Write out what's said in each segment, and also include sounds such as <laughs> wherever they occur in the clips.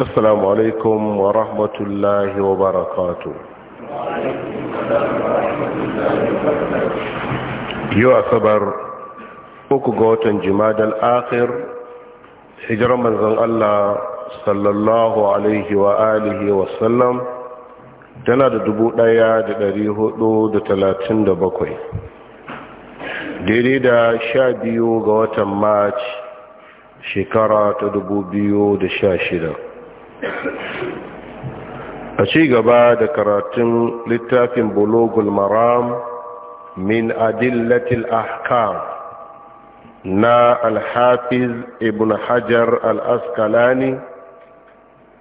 السلام عليكم ورحمة الله وبركاته يو أصبر أكغوت جماد الآخر هجر من الله صلى الله عليه وآله وسلم tana da dubu ɗaya da ɗari hudu da talatin da bakwai daidai da sha biyu ga watan march shekara ta dubu biyu da sha shida a ci gaba da karatun littafin bulogul maram min adillatil ahkam na alhafiz ibn hajar al'askalani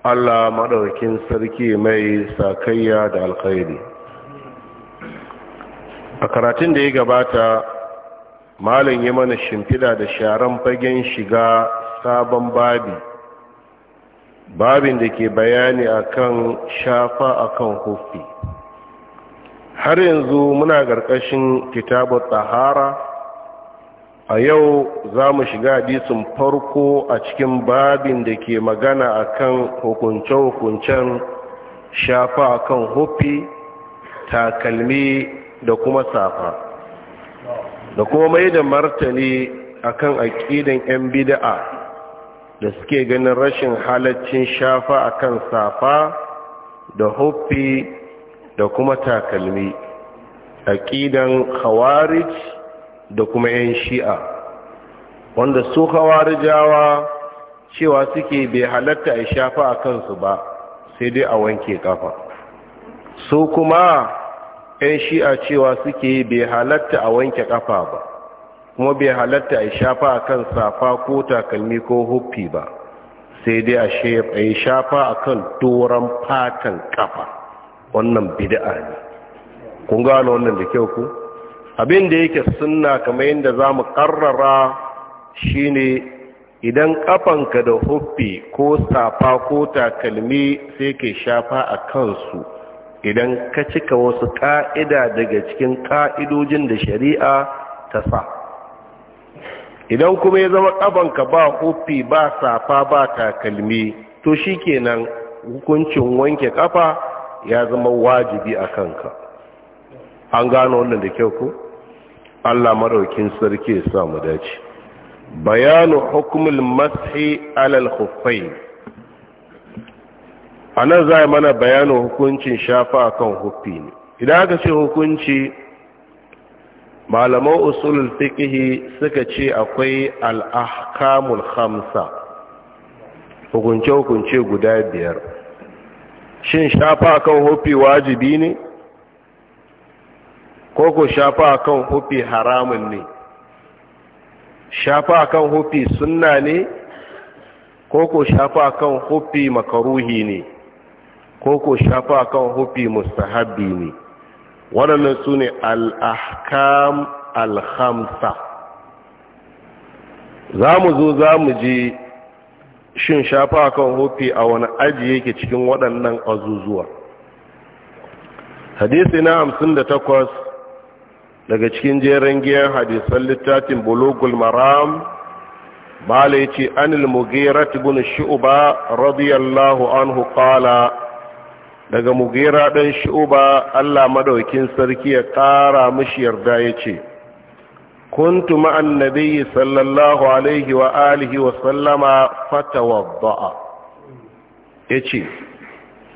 allah maɗaukin sarki mai sakayya da alkhairi a karatun da ya gabata malin yi mana shimfiɗa da sharan fagen shiga sabon babi babin da ke bayani akan shafa kan hufi har yanzu muna ƙarƙashin kitabar tsahara a yau za mu shiga hadisin farko a cikin babin da ke magana akan hukunce-hukuncen shafa kan hufi takalmi da kuma safa da kuma mai da martani akan aƙidan 'yan bida'a da suke ganin rashin halaccin shafa a kan safa da hufi da kuma takalmi a ƙidan khawarij da kuma 'yan shi'a wanda su khawarijawa cewa suke bai halatta a shafa a kansu ba sai dai a wanke kafa su kuma 'yan shi'a cewa suke bai halatta a wanke kafa ba kuma bai halatta a shafa a kan safa ko takalmi ko hufi ba sai dai a yi shafa a kan doron fatan kafa wannan bida'a ne kun gano wannan da kyau ku abin da yake sunna kamar yadda za mu ƙarrara shine idan kafanka da hufi ko safa ko takalmi sai ke shafa a kansu idan ka cika wasu ƙa'ida daga cikin ƙa'idojin da shari'a ta sa idan kuma ya zama ƙafanka ba hufi ba safa ba takalmi to shi kenan hukuncin wanke ƙafa ya zama wajibi a kanka an gano wannan da kyau ku allah maraukin sarki ya samu dace bayanu hukumul mashi alal huffai a nan za mana bayanin hukuncin shafa akan hufi ne idan aka ce hukunci Malamau usulul fiqhi suka ce akwai al-ahkamul khamsa hukunce hukunce guda biyar shin shafa akan hufi wajibi ne ko ko shafa akan hufi haramun ne shafa akan hufi sunna ne ko ko shafa akan hufi makaruhi ne ko ko shafa akan hufi mustahabbi ne waɗannan su ne al'ahkam alhamsa za mu zo za mu ji shin shafa kan hofi a wani aji yake cikin waɗannan azuzuwa hadisi na hamsin da takwas daga cikin jerin giyan hadisan littafin bulogul maram bala ya ce anil mugirat bin shi'uba radiyallahu anhu qala daga Mugera, ɗan shuba allah maɗaukin sarki ya ƙara mashi yarda ya ce kuntu ma'an nabiyyi sallallahu alaihi wa alihi wa sallama ya ce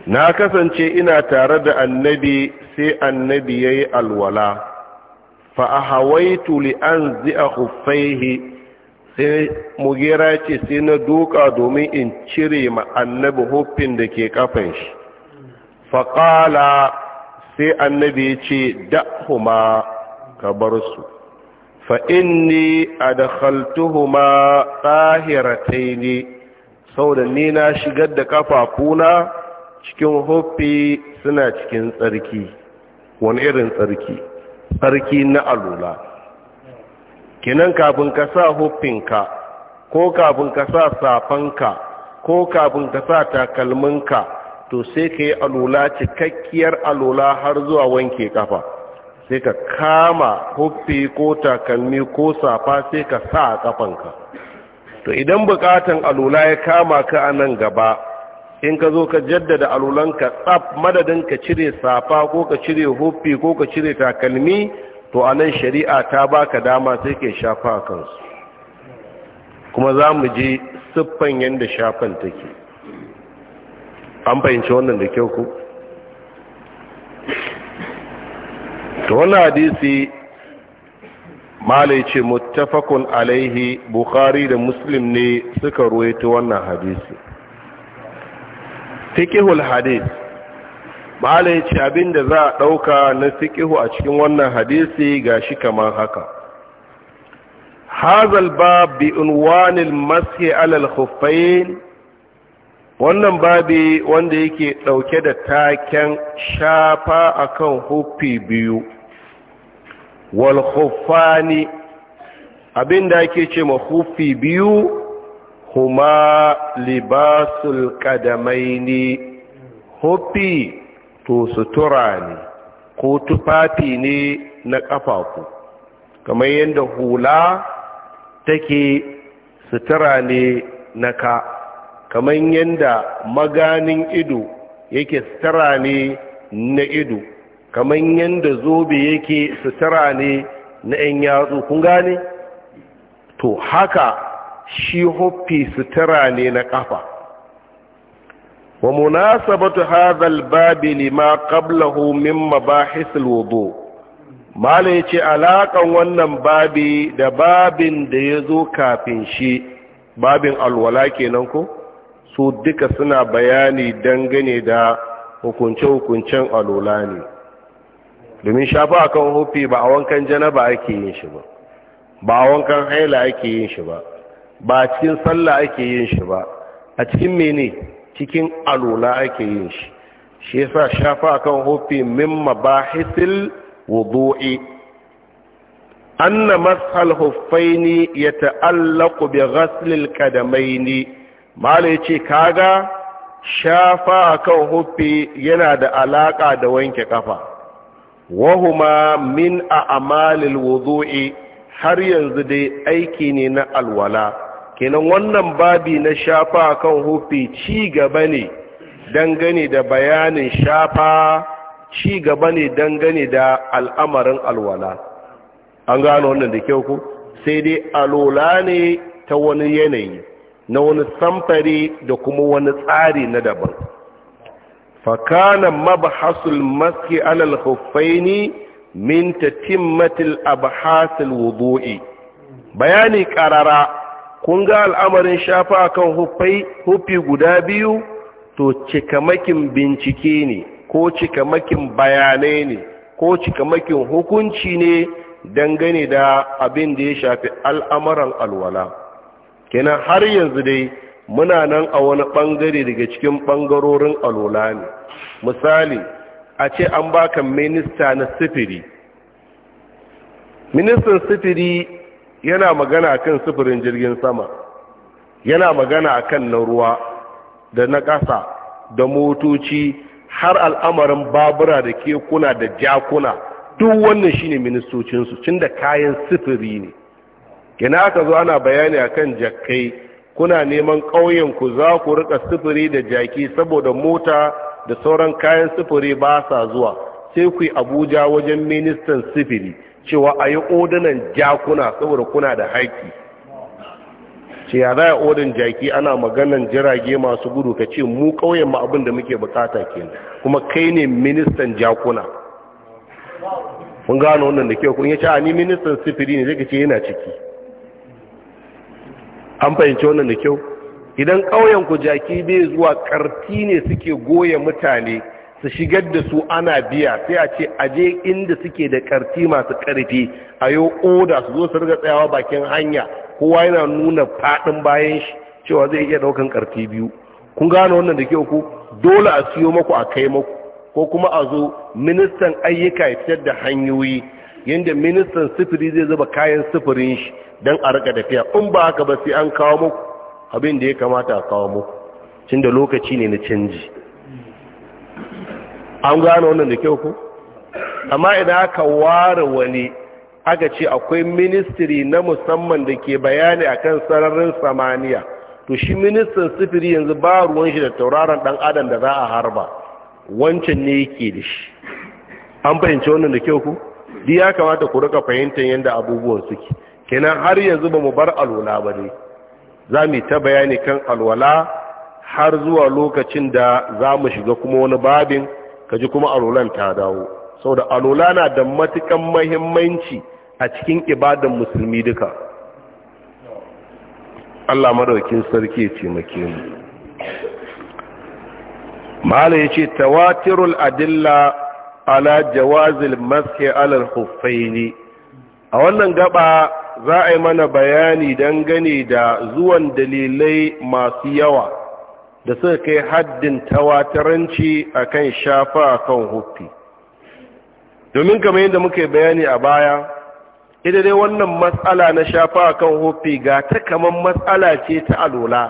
na kasance ina tare da annabi sai annabi ya yi alwala fa a hawaitu li an zi'a huffaihi sai Mugera ce sai na duka domin in cire ma annabi huffin da ke kafan shi faƙala sai annabi ya ce da'huma ka bar su fa inni adkhaltuhuma tahirataini saboda ni na shigar da kafafuna cikin huffi suna cikin tsarki wani irin tsarki tsarki na alula kinan kafin ka sa huffinka ko kafin ka sa safanka ko kafin ka sa takalminka to sai ka yi alula cikakkiyar alula har zuwa wanke kafa sai ka kama huffi ko takalmi ko safa sai ka sa a kafanka to idan bukatan alula ya kama ka a nan gaba in ka zo ka jaddada alulanka tsaf madadin ka cire safa ko ka cire huffi ko ka cire takalmi to a nan shari'a ta baka dama sai ka shafa kansu kuma za mu je siffan yadda shafan take an fahimci wannan da kyau ku to wannan hadisi malai ce muttafaqun alaihi bukhari da muslim ne suka ruwaito wannan hadisi fiqhul hadis malai ce abinda za a dauka na fiqhu a cikin wannan hadisi gashi kamar haka hazal bab bi unwanil masi ala al wannan babi wanda yake ɗauke da taken shafa akan hufi biyu wal huffani abinda ake ce ma hufi biyu huma libasul ne hufi to sutura ne ko tufafi ne na ƙafafu kamar yadda hula take sutura ne na ka kamar yadda maganin ido yake sutura ne na ido kamar yadda zobe yake sutura ne na 'yan yatsu kun gane to haka shi huffi sutura ne na kafa wa munasabatu hadha al-bab lima qablahu min mabahis al-wudu mala yace alakan wannan babi da babin da yazo kafin shi babin alwala kenan ko su duka suna bayani dangane da hukunce-hukuncen alola ne domin shafa kan hufi ba a wankan janaba ake yin shi ba ba a wankan haila ake yin shi ba ba a cikin sallah ake yin shi ba a cikin mene cikin alola ake yin shi shi yasa shafa kan hufi min mabahisil wudu'i ne ya huffaini yata'allaqu bi ghaslil ne. mala ya ce kaga shafa akan huffi yana da alaƙa da wanke ƙafa, wahuma min a amalil wuzo'i har yanzu dai aiki ne na alwala kenan wannan babi na shafa akan huffi ci gaba ne dangane da bayanin shafa ci gaba ne dangane da al'amarin alwala an gano wannan da kyau ku sai dai alola ne ta wani yanayi na wani samfari da kuma wani tsari na daban fakana mabahasul maski alal huffaini min tatimmatil abhasil wudu'i bayani karara kun ga al'amarin shafa akan huffai huffi guda biyu to cikamakin bincike ne ko cikamakin bayanai ne ko cikamakin hukunci ne dangane da abin da ya shafi al'amuran alwala kenan har yanzu dai muna nan a wani bangare daga cikin bangarorin alola ne misali a ce an baka minista na sifiri ministan sifiri yana magana kan sifirin jirgin sama yana magana kan na ruwa da na ƙasa da motoci har al'amarin babura da kekuna da jakuna duk wannan shine ministocinsu cin da kayan sifiri ne Yana aka zo ana bayani akan jakai kuna neman ƙauyen ku za ku rika sufuri da jaki saboda mota da sauran kayan sufuri ba sa zuwa sai ku abuja wajen ministan sufuri cewa a yi odunan jakuna saboda kuna da haiki ce ya za a odin jaki ana maganan jirage masu gudu ka ce mu ƙauyen ma abin da muke bukata ke kuma kai ne ministan jakuna kun gano wannan da kyau kun yi ce a ni ministan sufuri ne zai ce yana ciki an fahimci wannan da kyau idan ƙauyen ku jaki bai zuwa ƙarfi ne suke goye mutane su shigar da su ana biya sai a ce aje inda suke da ƙarfi masu ƙarfi a yi oda su zo su riga tsayawa bakin hanya kowa yana nuna faɗin bayan shi cewa zai iya ɗaukan ƙarti biyu kun gane wannan da kyau ku dole a siyo maku a kai maku ko kuma a zo ministan ayyuka ya fitar da hanyoyi yadda ministan sifiri zai zuba kayan sifirin shi don a rika tafiya in ba haka ba sai an kawo muku abin da ya kamata a kawo muku cin da lokaci ne na canji an gano wannan da kyau ku amma idan aka ware wani aka ce akwai ministry na musamman da ke bayani akan sararin samaniya to shi ministan sifiri yanzu ba ruwan shi da tauraron dan adam da za a harba wancan ne yake da shi an fahimci wannan da kyau ku di ya kamata ku rika fahimtar yadda abubuwan suke kenan har yanzu ba mu bar alwala ba ne za mu ta bayani kan alwala har zuwa lokacin da za mu shiga kuma wani babin ka ji kuma alwalan ta dawo Sau da alwala na da matukan mahimmanci a cikin ibadan musulmi duka Allah madaukin sarki ce make mu mala yace tawatirul adilla ala jawazil maske alal huffaini a wannan gaba za a yi mana bayani dangane da zuwan dalilai masu yawa da suka kai haddin tawataranci akan shafa akan huffi domin kama yadda muka bayani a baya ita dai wannan matsala na shafa akan huffi ga ta kamar matsala ce ta alola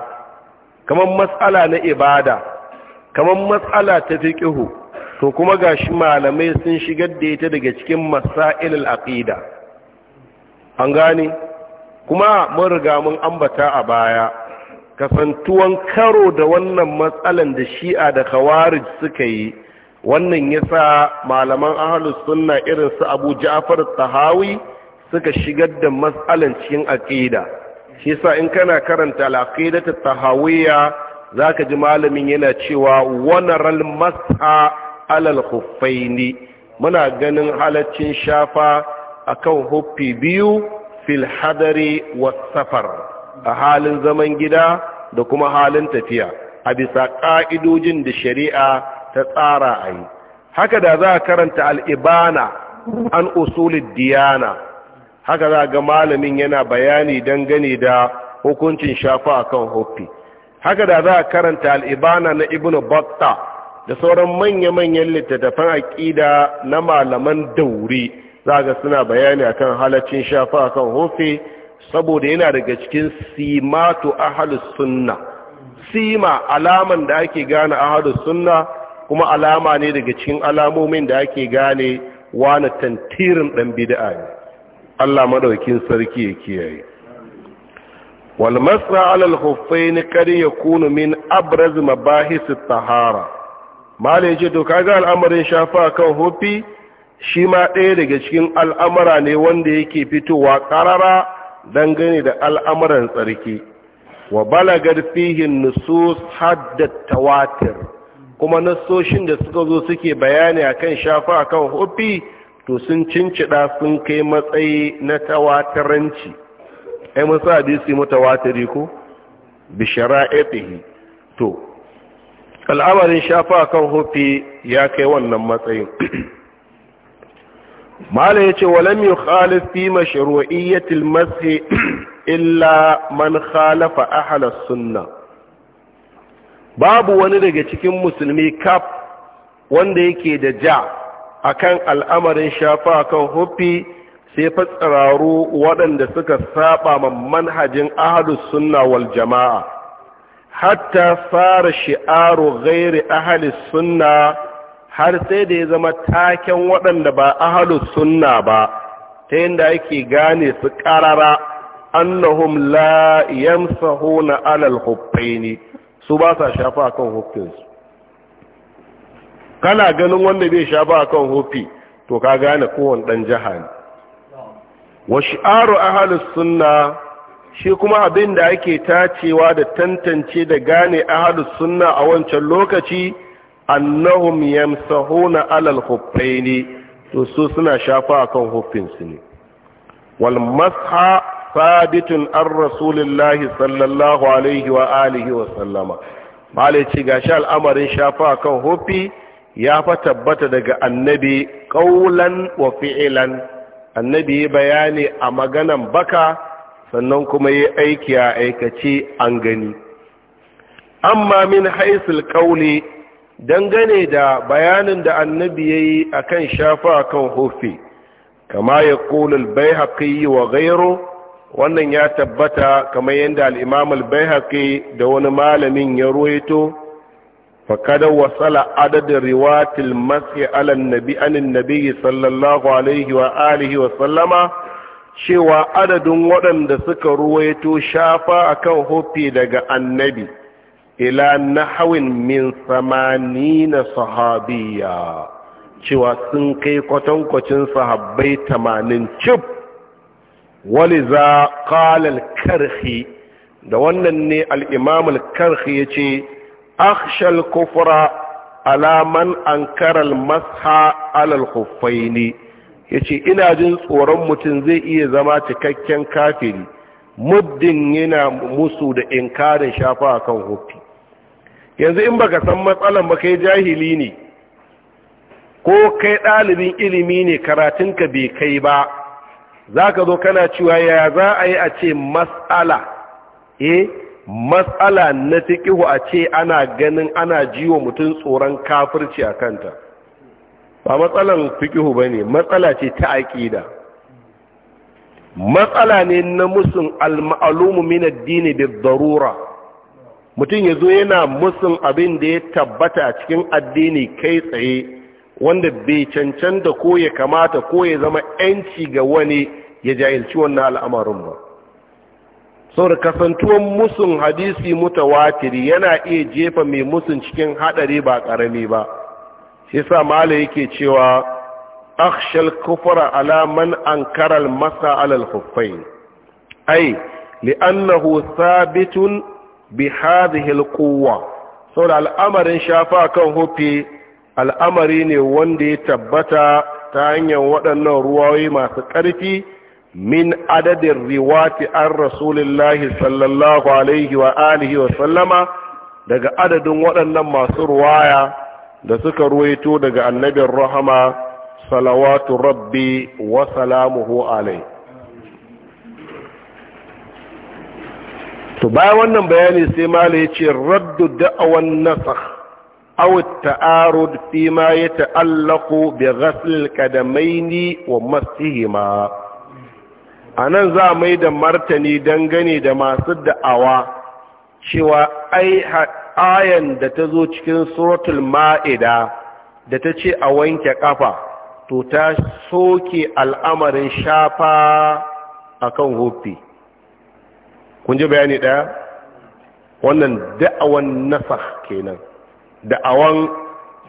kamar matsala na ibada kamar matsala ta fiƙihu to kuma gashi malamai sun shigar da ita daga cikin masailul aqida an gane kuma mun riga mun ambata a baya kasantuwan karo da wannan matsalan da shi'a da khawarij suka yi wannan yasa malaman ahlus sunna irin su Abu Ja'far Tahawi suka shigar da matsalan cikin aqida shi yasa in kana karanta al-aqidatu tahawiyya zaka ji malamin yana cewa wanaral mas'a alal ne muna ganin halaccin shafa akan huffi biyu fil hadari safar a halin zaman gida da kuma halin tafiya a bisa ƙa'idojin da shari'a ta tsara a yi haka da za a karanta al'ibana an usulid diyana haka za ga malamin yana bayani dangane da hukuncin shafa akan kan haka da za a karanta al'ibana na ibnu batta da sauran manya-manyan littattafan aƙida na malaman daure za ga suna bayani akan halaccin shafa kan hofe saboda yana daga cikin simatu ahalus sunna sima alaman da ake gane ahalus sunna kuma alama ne daga cikin alamomin da ake gane wani tantirin ɗan bida'a ne Allah maɗaukin sarki ya kiyaye wal masra alal kari ya yakunu min abraz mabahis tahara mala ya ce to ga al'amarin shafa kan hofi shi ma ɗaya daga cikin al'amara ne wanda yake fitowa ƙarara dangane da al'amuran tsarki wa balagar fihin nusus haddat tawatir kuma nasoshin da suka zo suke bayani akan shafa kan hofi to sun cincida sun kai matsayi na tawataranci ai mun hadisi mutawatiri ko bi to al'amarin shafa kan hufi ya kai wannan matsayin mala ya ce walam yi khalifi mashru'iyyatil mashi illa man khalafa ahalas sunna babu wani daga cikin musulmi kaf wanda yake da ja akan al'amarin shafa kan hufi sai fatsararru waɗanda suka saba manhajin ahalus sunna wal jama'a hatta fara shi'aru gairi ahali sunna har sai da ya zama taken waɗanda ba ahalu sunna ba ta yadda ake gane su ƙarara annahum la na alal huffaini su ba sa shafa kan huffinsu kana ganin wanda bai shafa kan huffi to ka gane kowane ɗan jiha ne wa shi'aru ahalus sunna shi kuma abin da ake tacewa da tantance da gane ahalus sunna a wancan lokaci annahum yamsahuna alal khuffaini to su suna shafa akan huffin su ne wal masha sabitun an rasulillahi sallallahu alaihi wa alihi wa sallama malai ce gashi al'amarin shafa akan huffi ya fa tabbata daga annabi qawlan wa fi'lan annabi bayani a maganan baka sannan kuma yi aiki a aikace an gani amma min haisul ƙaule, dangane da bayanin da annabi ya yi a kan shafa kan hufi kama ya kulul bai haƙi wa gairo wannan ya tabbata kamar yadda al'imamul bai haƙi da wani malamin ya ruwaito fakada wasala adadin riwatil masu alan nabi anin nabi sallallahu alaihi wa alihi wa sallama cewa adadin waɗanda suka ruwaito shafa a kan hufi daga annabi ila nahawin min na sahabiya cewa sun kai kwatankwacin sahabbai tamanin cif waliza kalal karhi da wannan ne al'imamul karhi ya ce akshal kufra alaman an karal masha alal ne. ya ce ina jin tsoron mutum zai iya zama cikakken kafiri muddin yana musu da inkarin shafa a kan hufi yanzu in baka san matsalan ba kai jahili ne ko kai ɗalibin ilimi ne karatunka bai kai ba za ka zo kana cewa ya za a yi a ce matsala eh matsala na fiƙihu a ce ana ganin ana jiwa mutum tsoron kafirci a kanta ba matsalar fikihu ba ne matsala ce ta aƙida matsala ne na musun al-ma'alumu min addini da darura mutum ya zo yana musun abin da ya tabbata cikin addini kai tsaye wanda bai cancanta ko ya kamata ko ya zama 'yanci ga wani ya jahilci wannan al'amarin ba saboda kasantuwan musun hadisi mutawatiri yana iya jefa mai musun cikin haɗari ba ƙarami ba shi sa mala yake cewa akshal kufra ala man ankara masa ala al ai li'annahu thabitun bi hadhihi al saboda al'amarin shafa kan hufi al'amari ne wanda ya tabbata ta hanyar waɗannan ruwayoyi masu ƙarfi min adadin riwati an rasulillahi sallallahu alaihi wa alihi wa sallama daga adadin waɗannan masu ruwaya da suka ruwaito daga annabin rahama salawatu rabbi wa salamuhu alai to bayan wannan bayani sai mala ya ce raddu da'awan nasakh aw at-ta'arud fi ma yata'allaqu bi ghasl ni wa masihima anan za mai da martani dangane da masu da'awa cewa ai ayan da ta zo cikin suratul ma'ida da ta ce a wanke ƙafa, to ta soke al'amarin shafa a kan hufi kun ji bayani ɗaya? wannan da'awan nasa kenan da'awan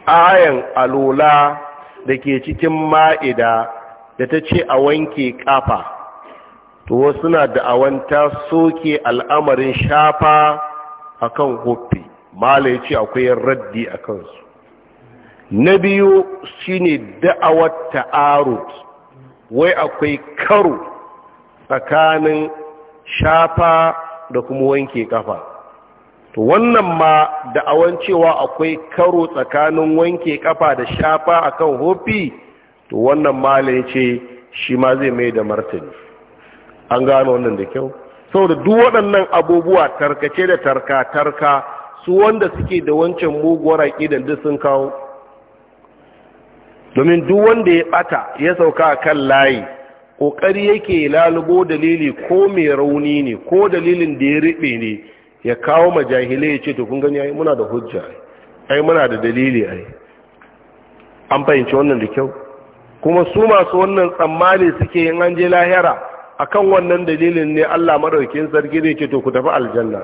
ayan alola da ke cikin ma'ida da ta ce a wanke ƙafa, to wasu na da'awan ta soke al'amarin shafa a kan hufi mala ya ce akwai raddi a kansu na biyu shine da'awar ta'arut wai akwai karo tsakanin shafa da kuma wanke kafa to wannan ma da'awar cewa akwai karo tsakanin wanke kafa da shafa akan hofi to wannan malai ce shi ma zai mai da martani an gano wannan da kyau da duk waɗannan abubuwa tarkace da tarka tarka su wanda suke da wancan muguwar da duk sun kawo domin duk wanda ya bata ya sauka a kan layi ƙoƙari yake lalubo dalili ko mai rauni ne ko dalilin da ya riɓe ne ya kawo majahilai ya ce to kun gani ai muna da hujja ai muna da dalili ai an fahimci wannan da kyau kuma su masu wannan tsammani suke yin an je lahira akan wannan dalilin ne Allah madaukin sarki zai ce to ku tafi aljanna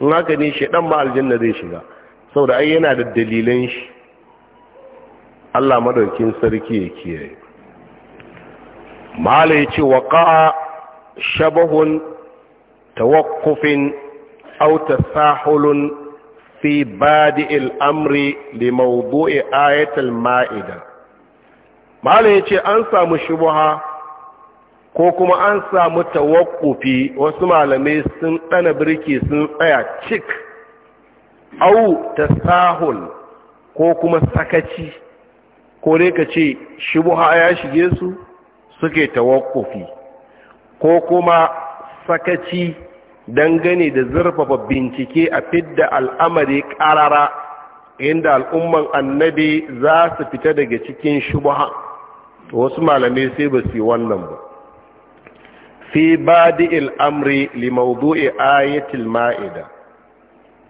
in haka ne shaidan ba aljanna zai shiga saboda ai yana da dalilan shi Allah madaukin sarki ya kiyaye mala yace ƙa'a shabahun tawaqqufin auta sahulun fi badi'il amri li mawdu'i ayatul ma'ida mala ce an samu shubuha ko kuma an samu tawakkufi wasu malamai sun ɗana birki sun tsaya cik au ta sahun. ko kuma sakaci ko dai ka ce shubuha ya shige su suke tawakkufi ko kuma sakaci dangane da zurfafa bincike a fidda al'amari ƙarara inda al'umman annabi za su fita daga cikin shubuha wasu malamai sai ba su yi wannan ba fi badi'il amri li mawdu'i ayatil ma'ida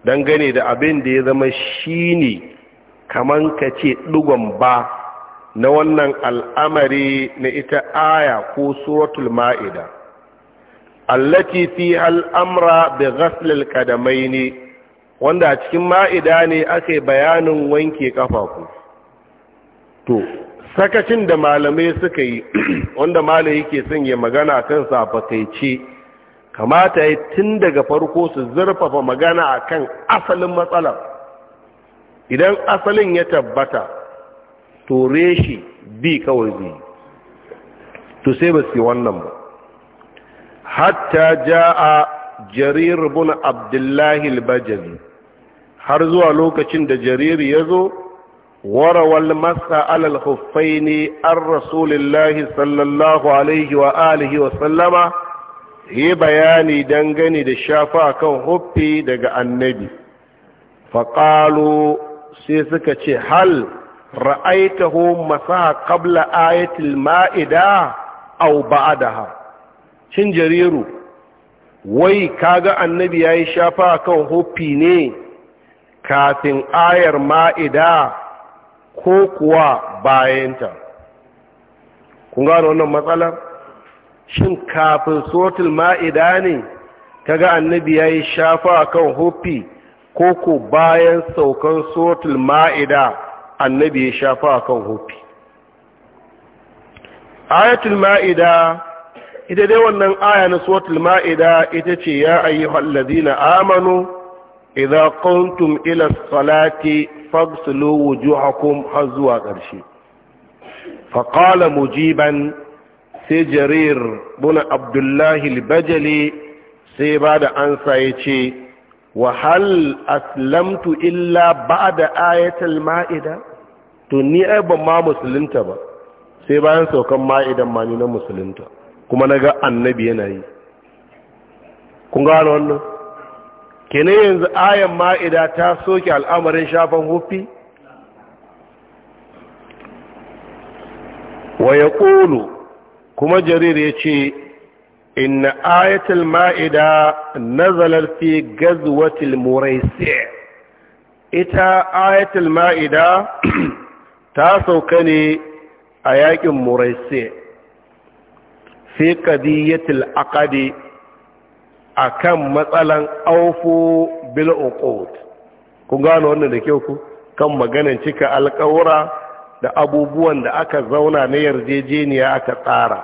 dangane da abin da ya zama shi shine kaman ce digon ba na wannan al'amari na ita aya ko suratul ma'ida allati fi al'amra bi ghaslil ne, wanda a cikin ma'ida ne ake bayanin wanke kafafu to sakacin da malamai suka yi <clears throat> wanda malai yake son ya magana kan sa fakaice kamata ya tun daga farko su zurfafa magana a kan asalin matsala idan asalin ya tabbata to reshi bi kawai zai to sai ba su wannan ba hatta a jarir bin abdullahi al har zuwa lokacin da jariri ya zo وروى المسح على الخفين عن رسول الله صلى الله عليه وآله وسلم yi bayani dangane da shafa kan huffi daga annabi faƙalo sai suka ce hal ra'aitahu masaha qabla ayatul ma'ida aw ba'daha shin jariru wai kaga annabi yayi shafa kan huffi ne kafin ayar ma'ida ko kuwa bayanta kun gano wannan matsalar shin kafin sotil ma'ida ne Ka ga annabi ya yi shafa a kan hufi ko ko bayan saukan sotil ma'ida annabi ya shafa a kan hufi ayatul ma'ida ita dai wannan aya na sotil ma'ida ita ce ya ayi ayyuhallazina amanu idza qumtum ila salati fagsulu wujuhakum har zuwa ƙarshe faƙala mujiban sai jarir buna abdullahi albajali sai ba da ansa ya ce wahal aslamtu illa ba da ayatul ma'ida to ni ai ban ma musulunta ba sai bayan saukan ma'idan ma ni na musulunta kuma na ga annabi yana yi kun gano wannan kenan yanzu ayan ma'ida ta soke al'amarin shafan hufi wa ya ƙulu kuma jarir ya ce inna ayatul ma'ida nazalar fi gazuwatul muraisi ita ayatul ma'ida <clears throat> ta sauka ne a yakin muraisi fi ƙadiyyatul akadi akan matsalan aufu bil uqud kun gano wannan da kyau ku kan maganan cika alƙawura da abubuwan da aka zauna na yarjejeniya aka tsara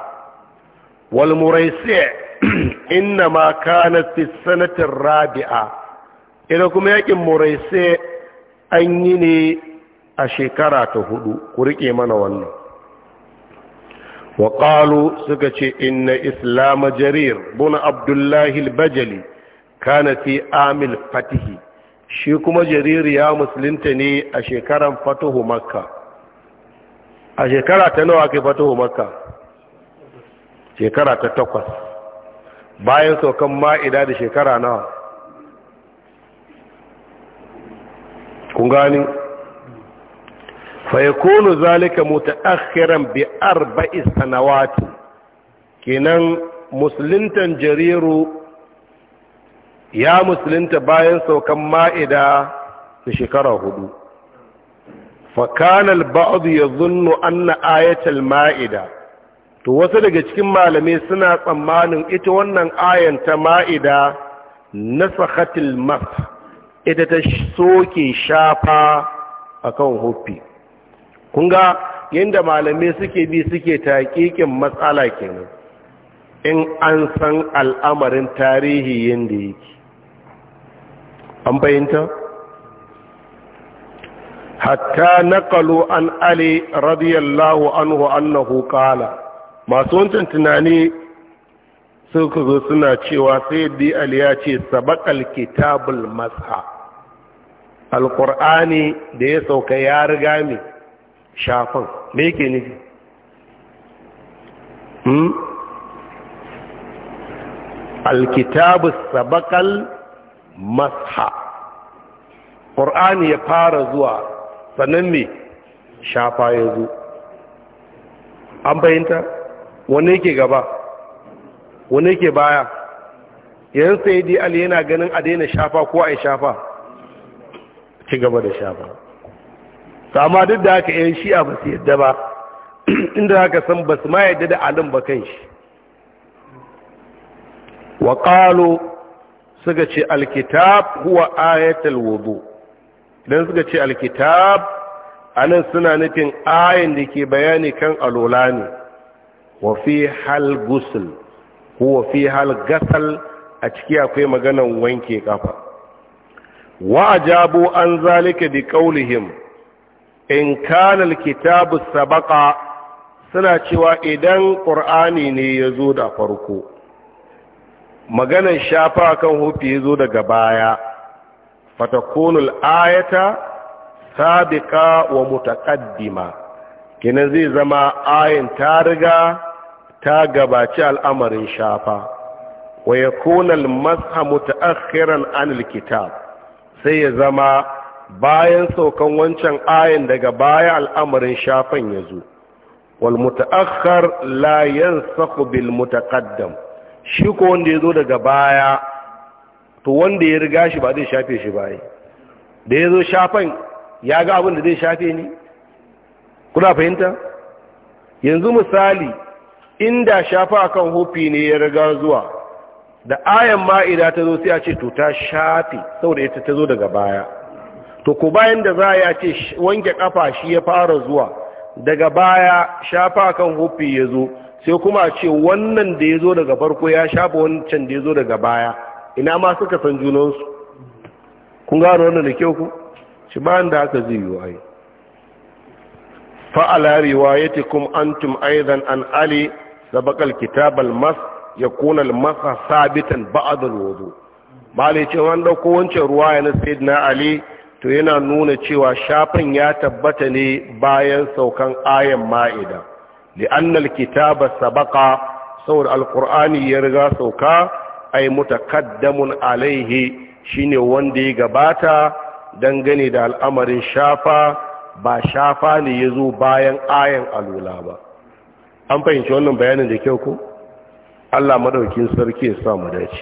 wal muraisi <clears throat> inna ma kana fi sanatin rabi'a idan kuma yakin muraisi an yi ne a shekara ta hudu ku rike mana wannan wa suka ce inna islam jarir bun abdullahi al-bajali kana fi amil fatihi shi kuma jarir ya musulunta ne a shekaran fatuhu makka a shekara ta nawa kai fatuhu makka shekara ta takwas bayan saukan ma'ida da shekara nawa kun gani fa yakunu zalika mutaakhiran bi arba'i sanawat kenan musuluntan jariru ya musulunta bayan saukan ma'ida da shekara hudu fakanal ba'adu ya zunnu anna ayatul ma'ida to wasu daga cikin malamai suna tsammanin ita wannan ayan ta ma'ida nasakhatil mas ita ta soke shafa akan hufi kun ga yadda malamai suke bi suke taƙiƙin matsala kenan in an san al'amarin tarihi yadda yake an bayanta hatta naƙalu an ali radiyallahu anhu annahu qala masu wancan tunani suka zo suna cewa sai di ali ya ce sabakal kitabul masha alƙur'ani da ya sauka ya riga mai shafan me yake nufi hmm alkitabu sabakal masha Qur'ani ya fara zuwa sannan me shafa ya zo an bayanta wane yake gaba wane yake baya yanzu sai dai ali yana ganin a daina shafa ko a yi shafa ci gaba da shafa to amma duk da haka yan eh, shi'a ba su yadda ba <clears throat> inda haka san ba su ma yadda da alim ba kan shi wa ƙalo suka ce alkitab huwa ayatul wudu idan suka ce alkitab anan suna nufin ayin da ke bayani kan alola ne wa fi hal gusul huwa fi hal gasal a ciki akwai maganan wanke kafa wa ajabu an zalika bi qaulihim in kanal kitabu sabaka suna cewa idan ƙur'ani ne ya zo da farko maganar shafa kan hufi ya zo daga baya fatakunul ayata sabika wa mutaqaddima kina zai zama ayin ta riga ta gabaci al'amarin shafa wa yakunal mas'a mutaakhiran anil kitab sai ya zama bayan saukan wancan ayin daga baya al'amarin shafan ya zo wal mutaakhkhar layan saku bil mutaqaddam shi ko wanda ya zo daga baya to wanda ya riga shi ba zai shafe shi baya da ya zo shafan ya ga abin da zai shafe ne kuna fahimta yanzu misali inda shafa akan hufi ne ya riga zuwa da ayan ma'ida ta zo sai a ce to ta shafe saboda ita ta zo daga baya to ku bayan da za ya ce wanke kafa shi ya fara zuwa daga baya shafa kan hufi ya zo sai kuma a ce wannan da ya zo daga farko ya shafa wancan da ya zo daga baya ina ma suka san junansu kun gano wannan da kyau ku shi bayan da haka zai yiwu ai fa'ala riwayatikum antum aidan an ali sabaqal kitabal mas yakuna al masa sabitan ba'd al wudu malai ce wanda ko wancan ruwaya na sayyidina ali to yana nuna cewa shafan ya tabbata ne bayan saukan ayan ma'ida li'annal kitaba sabaqa saboda alqur'ani ya riga sauka ay mutakaddamun alaihi shine wanda ya gabata dangane da al'amarin shafa ba shafa ne ya zo bayan ayan alula ba an fahimci wannan bayanin da kyau ko Allah madaukin sarki ya sa mu dace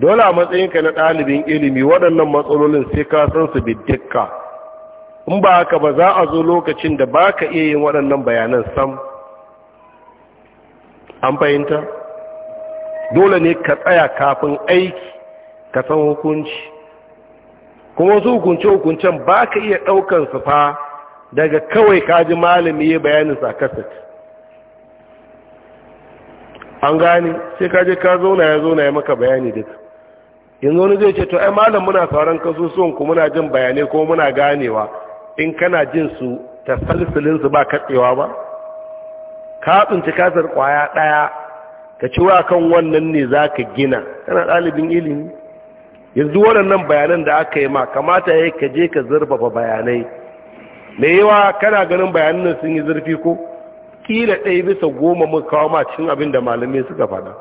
dole a matsayinka na ɗalibin ilimi waɗannan matsalolin sai ka san su bidikka in ba haka ba za a zo lokacin da ba ka iya yin waɗannan bayanan sam an fahimta dole ne ka tsaya kafin aiki ka san hukunci kuma su hukunce-hukuncen ba ka iya ɗaukan su fa daga kawai kaji malami ya bayanin sa kasat an gane sai kaje ka zauna ya zauna ya maka bayani duka yanzu wani zai ce to ai malam muna sauran kasusuwan ku muna jin bayanai ko muna ganewa in kana jin su ta su ba katsewa ba ka tsinci kasar kwaya daya ka ci wa kan wannan ne zaka gina kana dalibin ilimi yanzu waɗannan bayanan da aka yi ma kamata yayi ka je ka zurfafa bayanai me yawa kana ganin bayanan sun yi zurfi ko kila ɗaya bisa goma mun kawo ma cikin abin da malamai suka faɗa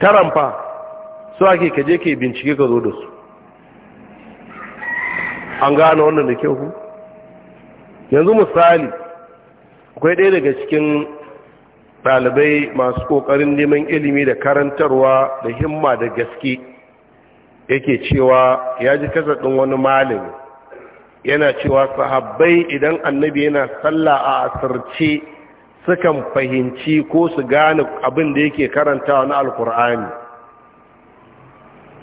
taramfa su ake kaje ke bincike ka zo da su an gane wannan da kyau yanzu misali akwai ɗaya daga cikin ɗalibai masu ƙoƙarin neman ilimi da karantarwa da himma da gaske yake cewa ya ji ɗin wani malami yana cewa sahabbai idan annabi yana sallah a asirce sukan fahimci ko su gane abin da yake karantawa na alkur'ani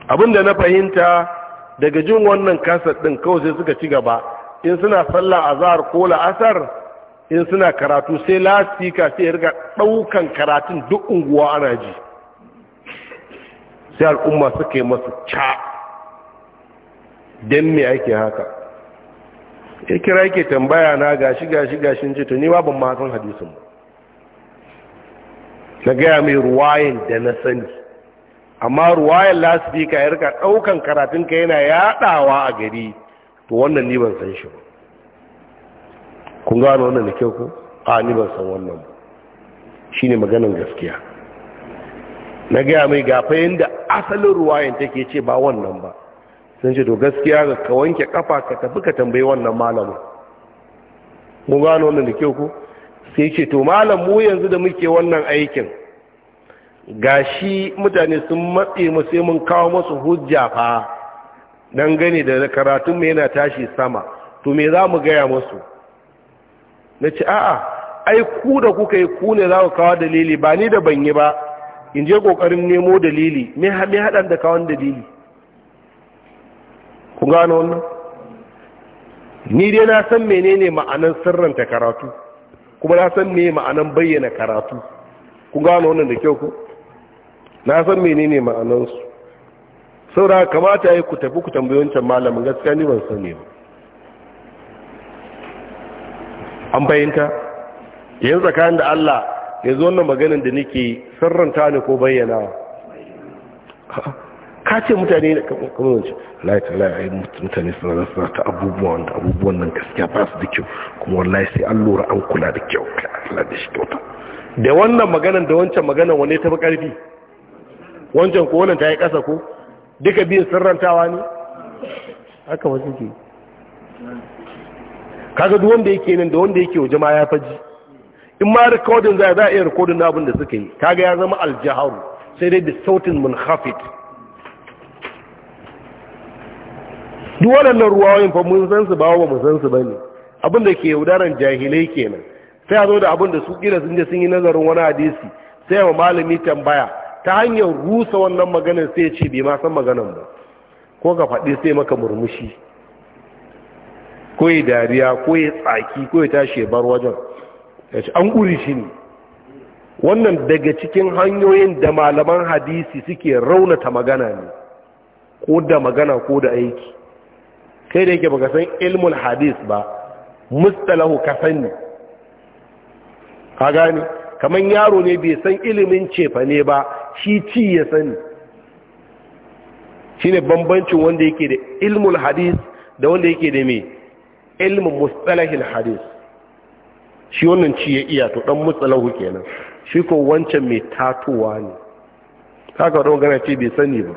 abinda na fahimta daga jin wannan kasar ɗin kawai sai suka ci gaba in suna sallah azhar ko la'asar in suna karatu sai lasika sai riga daukan karatun duk unguwa ana ji sai al'umma suka yi masa ca don me ake haka ya kira yake tambaya na gashi gashi gashin ce to ni ba ban ma hadisin ba na gaya mai ruwayen da na sani amma ruwayar lasifika ya rika ɗaukan karatunka yana yaɗawa a gari to wannan ni ban san shi ba kun gano wannan da kyau ku a ni ban san wannan ba shi ne maganin gaskiya na gaya mai gafa yadda asalin ta take ce ba wannan ba sun ce to gaskiya ga ka wanke kafa ka tafi ka tambayi wannan malamin mun gano wannan da kyau ku sai ce to malam mu yanzu da muke wannan aikin gashi mutane sun matse mu sai mun kawo musu hujja fa gani da karatun mu yana tashi sama to me za mu gaya musu na ci a'a ai ku da kuka yi ku ne za ku kawo dalili ba ni da ban yi ba in je kokarin nemo dalili me haɗan da kawon dalili ku gano wannan ni dai na san menene ma'anan sirranta karatu kuma na san me ma'anan bayyana karatu ku gano wannan da kyau ku na san menene ma'anansu saura kamata ya ku tafi ku tambayi wancan malamin gaskiya ni ban sani ba an bayyanta yanzu tsakanin da Allah ya zo wannan maganin da nake sarranta ne ko bayyana <laughs> ka ce mutane kamar wancan laita laita mutane suna suna ta abubuwan da abubuwan nan gaskiya ba su da kyau kuma wallahi sai an lura an kula da kyau da shi kyauta da wannan maganan da wancan maganan wane ta fi karfi wancan ko wannan ta yi ƙasa ko duka biyu sirrantawa ne haka wasu ke kaga duk wanda yake nan da wanda yake wa jama'a ya faji in ma rikodin za a iya rikodin abin da suka yi kaga ya zama aljiharu sai dai da sautin munhafit duk waɗannan ruwa fa mun san su ba wa mu san su bane abin da ke yaudaran jahilai kenan sai a zo da abin da su kila sun je sun yi nazarin wani hadisi sai ma malami tambaya ta hanyar rusa wannan maganar sai ce bai ma san ba ko ka faɗi sai maka murmushi ko ya dariya ko ya tsaki ko ya tashi bar wajen ya an ƙuri shi ne wannan daga cikin hanyoyin da malaman hadisi suke raunata magana ne ko da magana ko da aiki kai da yake baka san ilmul hadis ba mustalahu ka sani ka gane kamar yaro ne bai san ilimin cefane ba shi ci ya sani shine bambancin wanda yake da ilmul hadis da wanda yake da mai ilmin mustalahil hadis shi wannan ci ya iya to dan mustalahu kenan shi ko wancan mai tatowa ne haka wata magana ce bai sani ba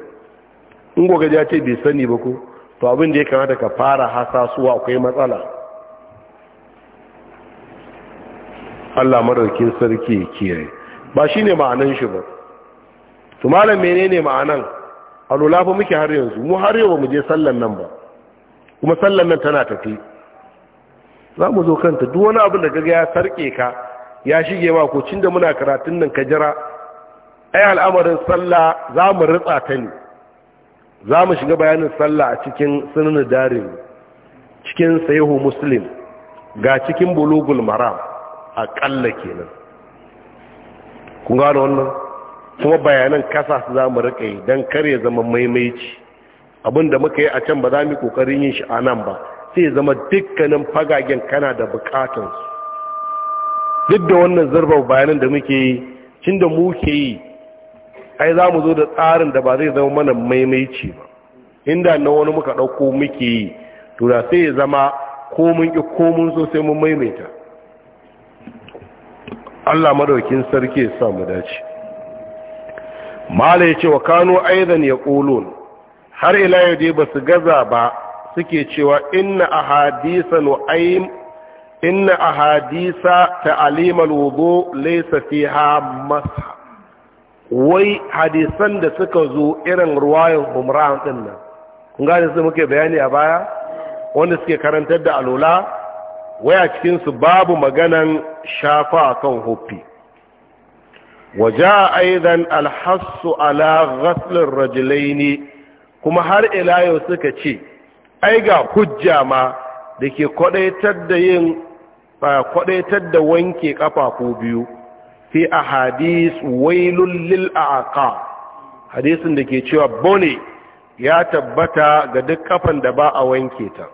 in gogaji ya ce bai sani ba ko to abin da ya kamata ka fara hasasuwa akwai matsala Allah mararkin sarki ya kiyaye ba shi ne ma'anan shi ba Su malam menene ma'anan alula fa muke har yanzu mu har yau ba mu je sallan nan ba kuma sallan nan tana tafi za mu zo kanta duk wani abin da gaga ya sarke ka ya shige ma ko cin da muna karatun nan ka jira ai al'amarin sallah za mu ritsa ta ne za mu shiga bayanin sallah a cikin sunan darin cikin sahihu muslim ga cikin bulugul maram aƙalla kenan kun gano wannan kuma bayanan kasa su za mu rika yi don kare zama maimaici abinda muka yi a can ba za mu kokarin yin shi a nan ba sai zama dukkanin fagagen kana da bukatun duk da wannan zarbar bayanan da muke yi cin da muke yi ai za mu zo da tsarin da ba zai zama mana maimaici ba inda na wani muka ɗauko muke yi to da sai ya zama mun ƙi mun so sai mun maimaita Allah madaukin sarki ya sa mu dace mala ya ce wa kano aizan ya kulun har ila yau dai ba su gaza ba suke cewa inna a hadisa nu'aim inna a hadisa ta alimar wudu laisa fiha masa wai hadisan da suka zo irin ruwayan umran din nan kun gane su muke bayani a baya wanda suke karantar da alola waya cikinsu babu maganan shafa kan hufi. وجاء ايضا alhassu ala غسل الرجلين kuma har ila yau suka ce ai ga hujja ma da ke kwadaitar da yin kwadaitar da wanke kafafu biyu fi ahadis wailul lil aqa hadisin da ke cewa bone ya tabbata ga duk kafan da ba a wanke ta